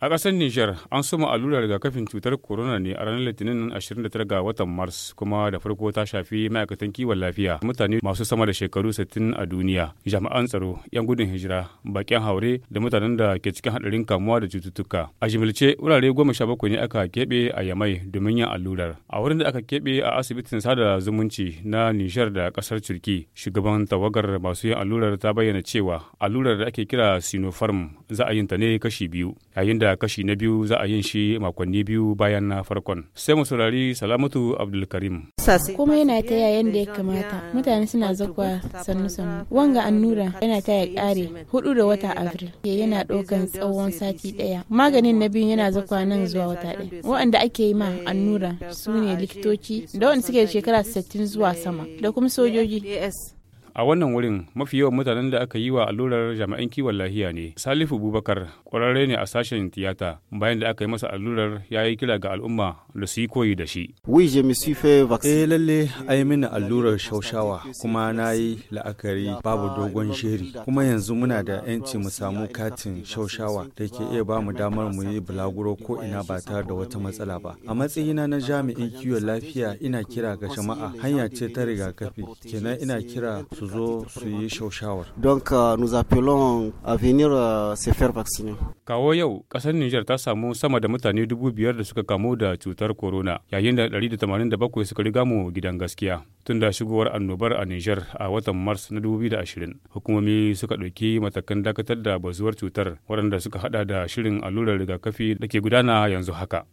A ƙasar Nijar an suma allurar kafin cutar corona ne a ranar Litinin 29 ga watan Mars kuma da farko ta shafi ma'aikatan kiwon lafiya mutane masu sama da shekaru 60 a duniya, jami'an tsaro, 'yan gudun hijira, baƙin haure da mutanen da ke cikin hadarin kamuwa da cututtuka. A jimilce wurare goma sha bakwai ne aka keɓe a Yamai domin yin allurar. A wurin da aka keɓe a asibitin sada zumunci na Nijar da ƙasar Turki, shugaban tawagar masu yin allurar ta bayyana cewa allurar da ake kira Sinopharm za a yin ta ne kashi biyu, yayin da da kashi na biyu za a yin shi makonni biyu bayan na farkon. Sai mu saurari Salamatu Abdulkarim. Kuma yana ta yayan da ya kamata. Mutane suna zakwa sannu sannu. Wanga annura yana ta ya kare hudu da wata Afril. Yana ɗaukan tsawon sati ɗaya. Maganin na biyu yana zakwa nan zuwa wata ɗaya. Waɗanda ake yi ma annura su ne likitoci da waɗanda suke shekara 60 zuwa sama da kuma sojoji. A wannan wurin mafi yawan mutanen da aka yi wa allurar jami'an kiwon lafiya ne. Salifu Bubakar ƙwararre ne a sashen tiyata bayan da aka yi masa allurar ya yi kira ga al'umma da su yi koyi da shi. Oui, Eh lalle ai mini allurar shaushawa kuma na yi la'akari babu dogon shiri kuma yanzu muna da 'yanci mu samu katin shaushawa da ke iya ba mu damar mu yi bulaguro ko ina ba tare da wata matsala ba. A matsayina na jami'in kiwon lafiya ina kira ga jama'a hanya ce ta rigakafi kenan ina kira su zo shaushawar. Don ka nous appelons à venir euh, se faire vacciner. Kawo yau kasar Niger ta samu sama da mutane dubu biyar da suka kamu da cutar corona yayin da 187 suka riga mu gidan gaskiya. Tun da shigowar annobar a Niger a watan Mars na 2020 hukumomi suka ɗauki matakan dakatar da bazuwar cutar waɗanda suka haɗa da shirin allurar rigakafi da ke gudana yanzu haka.